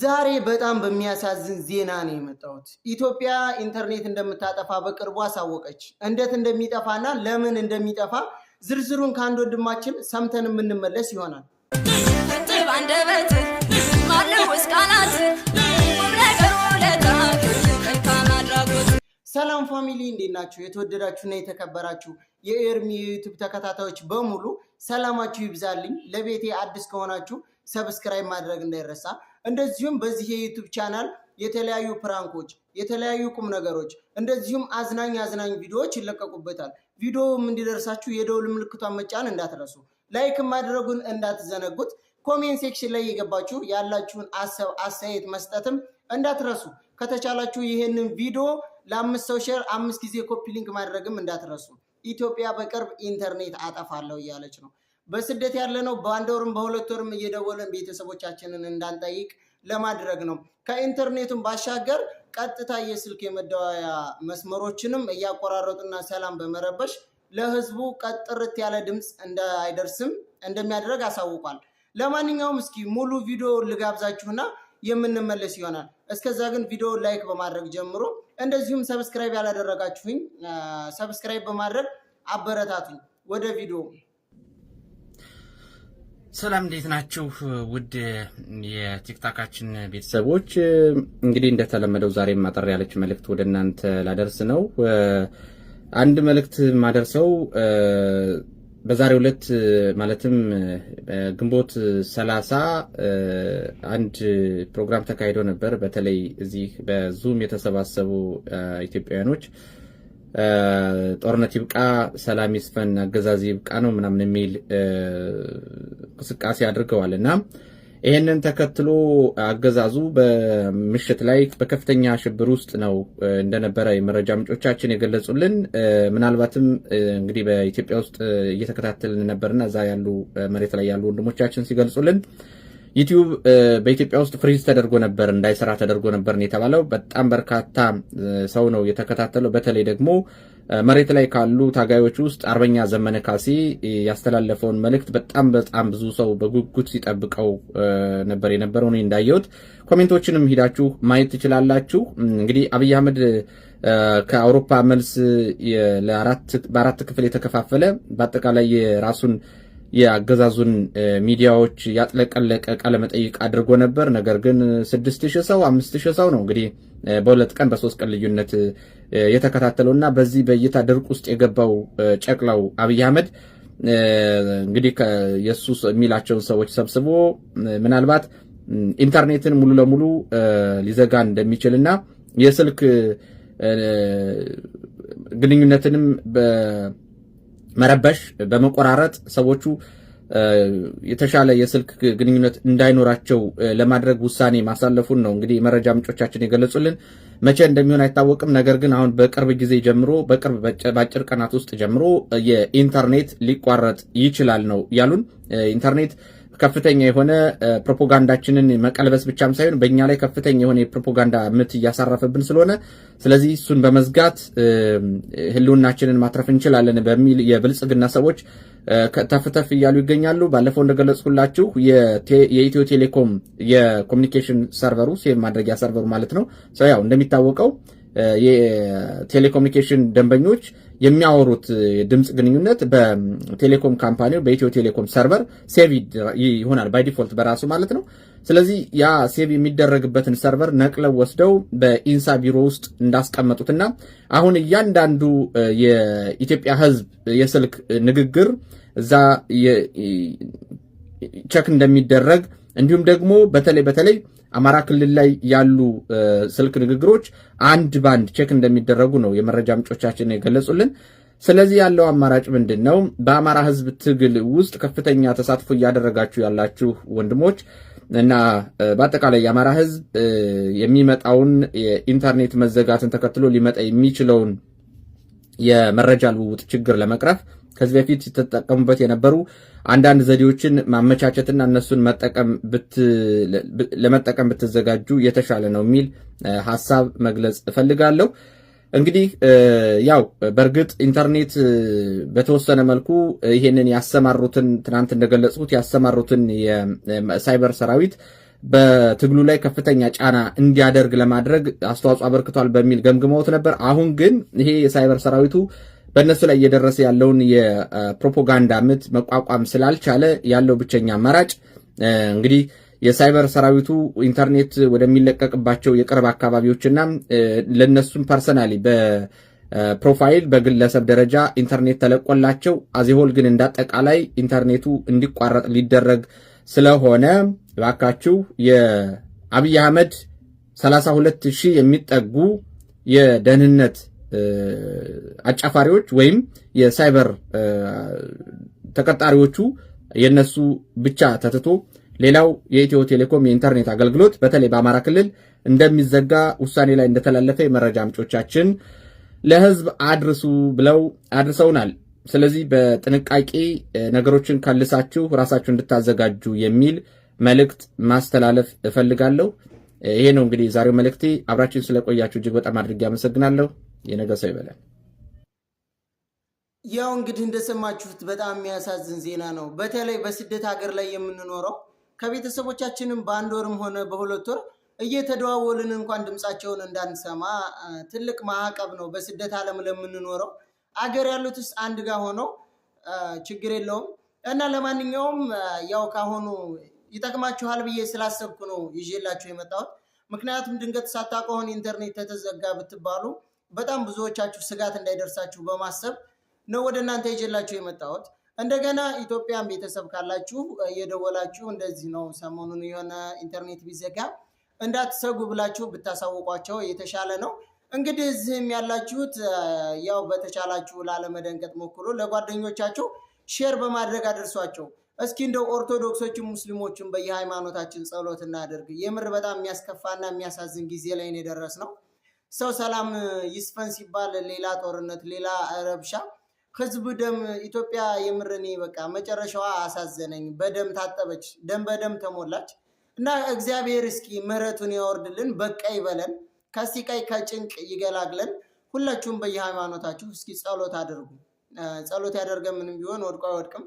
ዛሬ በጣም በሚያሳዝን ዜና ነው የመጣሁት። ኢትዮጵያ ኢንተርኔት እንደምታጠፋ በቅርቡ አሳወቀች። እንዴት እንደሚጠፋና ለምን እንደሚጠፋ ዝርዝሩን ከአንድ ወንድማችን ሰምተን የምንመለስ ይሆናል። ሰላም ፋሚሊ እንዴት ናችሁ? የተወደዳችሁና የተከበራችሁ የኤርሚ ዩቱብ ተከታታዮች በሙሉ ሰላማችሁ ይብዛልኝ። ለቤቴ አዲስ ከሆናችሁ ሰብስክራይብ ማድረግ እንዳይረሳ። እንደዚሁም በዚህ የዩቱብ ቻናል የተለያዩ ፕራንኮች፣ የተለያዩ ቁም ነገሮች እንደዚሁም አዝናኝ አዝናኝ ቪዲዮዎች ይለቀቁበታል። ቪዲዮውም እንዲደርሳችሁ የደውል ምልክቷን መጫን እንዳትረሱ፣ ላይክ ማድረጉን እንዳትዘነጉት፣ ኮሜንት ሴክሽን ላይ የገባችሁ ያላችሁን አሰብ አስተያየት መስጠትም እንዳትረሱ። ከተቻላችሁ ይህንን ቪዲዮ ለአምስት ሰው ሼር አምስት ጊዜ ኮፒ ሊንክ ማድረግም እንዳትረሱ። ኢትዮጵያ በቅርብ ኢንተርኔት አጠፋለሁ እያለች ነው። በስደት ያለ ነው። በአንድ ወርም በሁለት ወርም እየደወለን ቤተሰቦቻችንን እንዳንጠይቅ ለማድረግ ነው። ከኢንተርኔቱን ባሻገር ቀጥታ የስልክ የመደወያ መስመሮችንም እያቆራረጡና ሰላም በመረበሽ ለህዝቡ ቀጥርት ያለ ድምፅ እንዳይደርስም እንደሚያደርግ አሳውቋል። ለማንኛውም እስኪ ሙሉ ቪዲዮ ልጋብዛችሁና የምንመለስ ይሆናል። እስከዛ ግን ቪዲዮ ላይክ በማድረግ ጀምሮ እንደዚሁም ሰብስክራይብ ያላደረጋችሁኝ ሰብስክራይብ በማድረግ አበረታቱኝ። ወደ ቪዲዮ ሰላም እንዴት ናችሁ? ውድ የቲክታካችን ቤተሰቦች እንግዲህ እንደተለመደው ዛሬም ማጠር ያለች መልእክት ወደ እናንተ ላደርስ ነው። አንድ መልእክት ማደርሰው በዛሬ ሁለት ማለትም ግንቦት ሰላሳ አንድ ፕሮግራም ተካሂዶ ነበር። በተለይ እዚህ በዙም የተሰባሰቡ ኢትዮጵያውያኖች ጦርነት ይብቃ፣ ሰላም ይስፈን፣ አገዛዝ ይብቃ ነው ምናምን የሚል እንቅስቃሴ አድርገዋል እና ይህንን ተከትሎ አገዛዙ በምሽት ላይ በከፍተኛ ሽብር ውስጥ ነው እንደነበረ የመረጃ ምንጮቻችን የገለጹልን። ምናልባትም እንግዲህ በኢትዮጵያ ውስጥ እየተከታተልን ነበርና እዛ ያሉ መሬት ላይ ያሉ ወንድሞቻችን ሲገልጹልን ዩቲዩብ በኢትዮጵያ ውስጥ ፍሪዝ ተደርጎ ነበር፣ እንዳይሰራ ተደርጎ ነበር የተባለው። በጣም በርካታ ሰው ነው የተከታተለው። በተለይ ደግሞ መሬት ላይ ካሉ ታጋዮች ውስጥ አርበኛ ዘመነ ካሴ ያስተላለፈውን መልእክት በጣም በጣም ብዙ ሰው በጉጉት ሲጠብቀው ነበር የነበረው። እኔ እንዳየሁት ኮሜንቶችንም ሂዳችሁ ማየት ትችላላችሁ። እንግዲህ አብይ አህመድ ከአውሮፓ መልስ በአራት ክፍል የተከፋፈለ በአጠቃላይ የራሱን የአገዛዙን ሚዲያዎች ያጥለቀለቀ ቃለመጠይቅ አድርጎ ነበር። ነገር ግን ስድስት ሺህ ሰው አምስት ሺህ ሰው ነው እንግዲህ በሁለት ቀን በሶስት ቀን ልዩነት የተከታተለው እና በዚህ በእይታ ድርቅ ውስጥ የገባው ጨቅላው አብይ አህመድ እንግዲህ የእሱ የሚላቸውን ሰዎች ሰብስቦ ምናልባት ኢንተርኔትን ሙሉ ለሙሉ ሊዘጋ እንደሚችል እና የስልክ ግንኙነትንም መረበሽ፣ በመቆራረጥ ሰዎቹ የተሻለ የስልክ ግንኙነት እንዳይኖራቸው ለማድረግ ውሳኔ ማሳለፉን ነው እንግዲህ የመረጃ ምንጮቻችን የገለጹልን። መቼ እንደሚሆን አይታወቅም። ነገር ግን አሁን በቅርብ ጊዜ ጀምሮ በቅርብ በአጭር ቀናት ውስጥ ጀምሮ የኢንተርኔት ሊቋረጥ ይችላል ነው ያሉን ኢንተርኔት ከፍተኛ የሆነ ፕሮፓጋንዳችንን መቀልበስ ብቻም ሳይሆን በእኛ ላይ ከፍተኛ የሆነ የፕሮፓጋንዳ ምት እያሳረፈብን ስለሆነ ስለዚህ እሱን በመዝጋት ህልውናችንን ማትረፍ እንችላለን በሚል የብልጽግና ሰዎች ተፍተፍ እያሉ ይገኛሉ። ባለፈው እንደገለጽኩላችሁ የኢትዮ ቴሌኮም የኮሚኒኬሽን ሰርቨሩ ሴቭ ማድረጊያ ሰርቨሩ ማለት ነው። ያው እንደሚታወቀው የቴሌኮሚኒኬሽን ደንበኞች የሚያወሩት ድምፅ ግንኙነት በቴሌኮም ካምፓኒ በኢትዮ ቴሌኮም ሰርቨር ሴቭ ይሆናል ባይ ዲፎልት በራሱ ማለት ነው። ስለዚህ ያ ሴቭ የሚደረግበትን ሰርቨር ነቅለው ወስደው በኢንሳ ቢሮ ውስጥ እንዳስቀመጡትና አሁን እያንዳንዱ የኢትዮጵያ ሕዝብ የስልክ ንግግር እዛ ቸክ እንደሚደረግ እንዲሁም ደግሞ በተለይ በተለይ አማራ ክልል ላይ ያሉ ስልክ ንግግሮች አንድ ባንድ ቼክ እንደሚደረጉ ነው የመረጃ ምንጮቻችን የገለጹልን። ስለዚህ ያለው አማራጭ ምንድን ነው? በአማራ ህዝብ ትግል ውስጥ ከፍተኛ ተሳትፎ እያደረጋችሁ ያላችሁ ወንድሞች እና በአጠቃላይ የአማራ ህዝብ የሚመጣውን የኢንተርኔት መዘጋትን ተከትሎ ሊመጣ የሚችለውን የመረጃ ልውውጥ ችግር ለመቅረፍ ከዚህ በፊት ተጠቀሙበት የነበሩ አንዳንድ ዘዴዎችን ማመቻቸትና እነሱን ለመጠቀም ብትዘጋጁ የተሻለ ነው የሚል ሀሳብ መግለጽ እፈልጋለሁ። እንግዲህ ያው በእርግጥ ኢንተርኔት በተወሰነ መልኩ ይሄንን ያሰማሩትን ትናንት እንደገለጽኩት ያሰማሩትን የሳይበር ሰራዊት በትግሉ ላይ ከፍተኛ ጫና እንዲያደርግ ለማድረግ አስተዋጽኦ አበርክቷል በሚል ገምግመውት ነበር። አሁን ግን ይሄ የሳይበር ሰራዊቱ በእነሱ ላይ እየደረሰ ያለውን የፕሮፓጋንዳ ምት መቋቋም ስላልቻለ ያለው ብቸኛ አማራጭ እንግዲህ የሳይበር ሰራዊቱ ኢንተርኔት ወደሚለቀቅባቸው የቅርብ አካባቢዎችና ለነሱም ፐርሰናሊ በፕሮፋይል በግለሰብ ደረጃ ኢንተርኔት ተለቆላቸው አዜሆል ግን እንዳጠቃላይ ኢንተርኔቱ እንዲቋረጥ ሊደረግ ስለሆነ እባካችሁ የአብይ አህመድ 32 ሺህ የሚጠጉ የደህንነት አጫፋሪዎች ወይም የሳይበር ተቀጣሪዎቹ የነሱ ብቻ ተትቶ ሌላው የኢትዮ ቴሌኮም የኢንተርኔት አገልግሎት በተለይ በአማራ ክልል እንደሚዘጋ ውሳኔ ላይ እንደተላለፈ የመረጃ ምንጮቻችን ለሕዝብ አድርሱ ብለው አድርሰውናል። ስለዚህ በጥንቃቄ ነገሮችን ካልሳችሁ ራሳችሁ እንድታዘጋጁ የሚል መልእክት ማስተላለፍ እፈልጋለሁ። ይሄ ነው እንግዲህ የዛሬው መልእክቴ። አብራችን ስለቆያችሁ እጅግ በጣም አድርጌ አመሰግናለሁ። የነገ ሰው ይበላል። ያው እንግዲህ እንደሰማችሁት በጣም የሚያሳዝን ዜና ነው። በተለይ በስደት ሀገር ላይ የምንኖረው ከቤተሰቦቻችንም በአንድ ወርም ሆነ በሁለት ወር እየተደዋወልን እንኳን ድምፃቸውን እንዳንሰማ ትልቅ ማዕቀብ ነው። በስደት ዓለም ለምንኖረው አገር ያሉትስ አንድ ጋር ሆነው ችግር የለውም እና ለማንኛውም ያው ካሁኑ ይጠቅማችኋል ብዬ ስላሰብኩ ነው ይዤላችሁ የመጣሁት። ምክንያቱም ድንገት ሳታውቁ አሁን ኢንተርኔት ተተዘጋ ብትባሉ በጣም ብዙዎቻችሁ ስጋት እንዳይደርሳችሁ በማሰብ ነው ወደ እናንተ ይዤላችሁ የመጣሁት። እንደገና ኢትዮጵያን ቤተሰብ ካላችሁ እየደወላችሁ እንደዚህ ነው ሰሞኑን የሆነ ኢንተርኔት ቢዘጋ እንዳትሰጉ ብላችሁ ብታሳውቋቸው የተሻለ ነው። እንግዲህ እዚህም ያላችሁት ያው በተቻላችሁ ላለመደንገጥ ሞክሩ። ለጓደኞቻቸው ሼር በማድረግ አድርሷቸው። እስኪ እንደው ኦርቶዶክሶችን፣ ሙስሊሞችን በየሃይማኖታችን ጸሎት እናደርግ። የምር በጣም የሚያስከፋና የሚያሳዝን ጊዜ ላይ ነው የደረስነው። ሰው ሰላም ይስፈን ሲባል ሌላ ጦርነት፣ ሌላ ረብሻ፣ ህዝብ ደም። ኢትዮጵያ የምር እኔ በቃ መጨረሻዋ አሳዘነኝ። በደም ታጠበች፣ ደም በደም ተሞላች። እና እግዚአብሔር እስኪ ምሕረቱን ያወርድልን፣ በቃ ይበለን፣ ከስቃይ ከጭንቅ ይገላግለን። ሁላችሁም በየሃይማኖታችሁ እስኪ ጸሎት አድርጉ። ጸሎት ያደርገን ምንም ቢሆን ወድቆ አይወድቅም።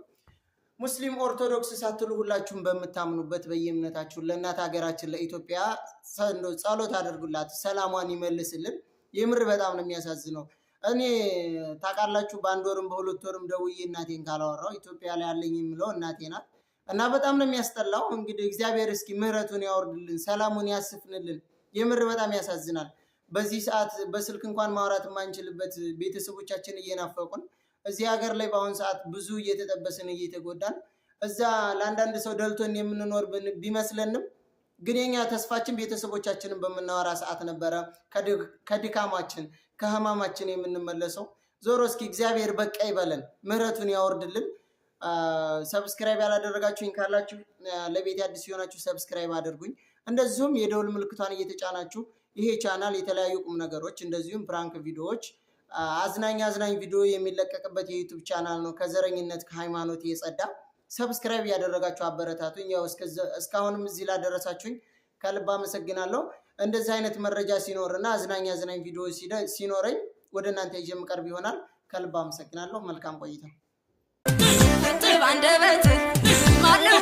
ሙስሊም ኦርቶዶክስ ሳትሉ ሁላችሁም በምታምኑበት በየእምነታችሁ ለእናት ሀገራችን ለኢትዮጵያ ጸሎት አድርጉላት፣ ሰላሟን ይመልስልን። የምር በጣም ነው የሚያሳዝነው። እኔ ታውቃላችሁ፣ በአንድ ወርም በሁለት ወርም ደውዬ እናቴን ካላወራው ኢትዮጵያ ላይ አለኝ የምለው እናቴ ናት እና በጣም ነው የሚያስጠላው። እንግዲህ እግዚአብሔር እስኪ ምሕረቱን ያወርድልን፣ ሰላሙን ያስፍንልን። የምር በጣም ያሳዝናል። በዚህ ሰዓት በስልክ እንኳን ማውራት የማንችልበት ቤተሰቦቻችን እየናፈቁን እዚህ ሀገር ላይ በአሁን ሰዓት ብዙ እየተጠበስን እየተጎዳን እዛ ለአንዳንድ ሰው ደልቶን የምንኖር ቢመስለንም ግን የኛ ተስፋችን ቤተሰቦቻችንን በምናወራ ሰዓት ነበረ ከድካማችን ከህማማችን የምንመለሰው። ዞሮ እስኪ እግዚአብሔር በቃ ይበለን፣ ምህረቱን ያወርድልን። ሰብስክራይብ ያላደረጋችሁኝ ካላችሁ ለቤት አዲስ ሲሆናችሁ ሰብስክራይብ አድርጉኝ። እንደዚሁም የደውል ምልክቷን እየተጫናችሁ ይሄ ቻናል የተለያዩ ቁም ነገሮች እንደዚሁም ፕራንክ ቪዲዮዎች አዝናኝ አዝናኝ ቪዲዮ የሚለቀቅበት የዩቱብ ቻናል ነው። ከዘረኝነት ከሃይማኖት የጸዳ ሰብስክራይብ እያደረጋችሁ አበረታቱኝ። ያው እስካሁንም እዚህ ላደረሳችሁኝ ከልብ አመሰግናለሁ። እንደዚህ አይነት መረጃ ሲኖርና አዝናኝ አዝናኝ ቪዲዮ ሲኖረኝ ወደ እናንተ ይዤ የምቀርብ ይሆናል። ከልብ አመሰግናለሁ። መልካም ቆይታ። አንደበት ማለው